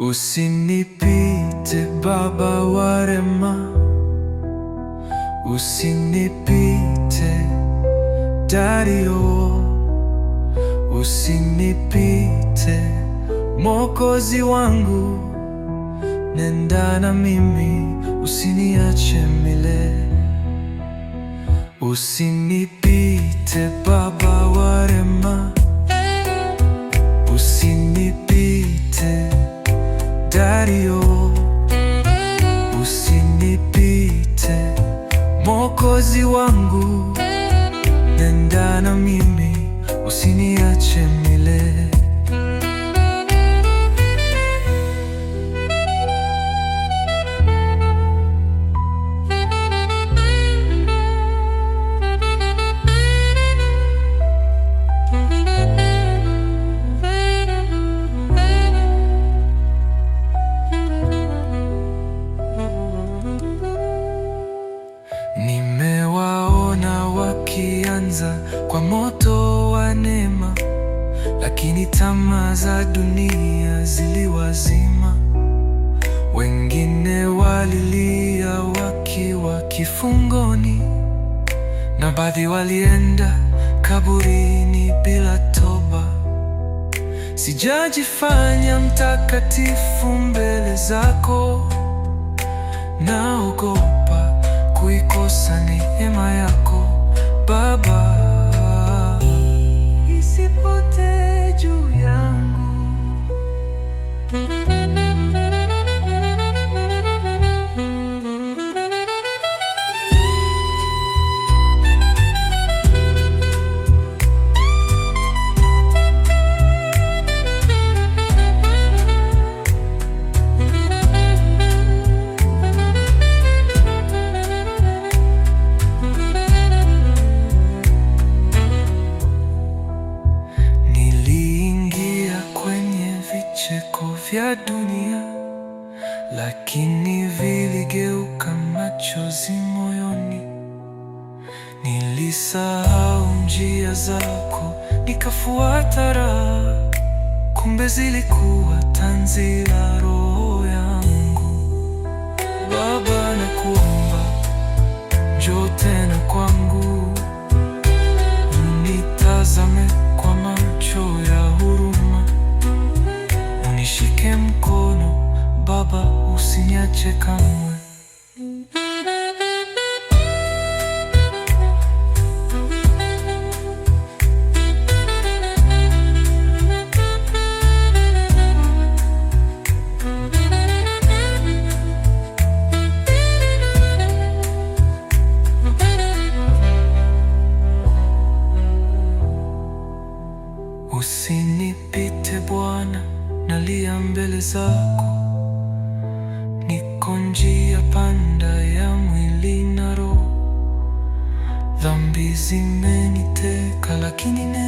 Usinipite Baba warema, usinipite Dario, usinipite Mwokozi wangu, nenda na mimi, usiniache mile. Usinipite Baba warema, usinipite mpenzi wangu, nenda na mimi, usiniache milele. kuangamiza kwa moto wa neema, lakini tamaa za dunia ziliwazima. Wengine walilia wakiwa kifungoni, na baadhi walienda kaburini bila toba. Sijajifanya mtakatifu mbele zako, naogopa kuikosa neema yako. vya dunia, lakini viligeuka machozi moyoni. Nilisahau njia zako, nikafuata raha, kumbe zilikuwa tanzila roho niache Usinipite Bwana, nalia mbele zako yako njia panda ya mwili na roho. Dhambi zimeniteka lakini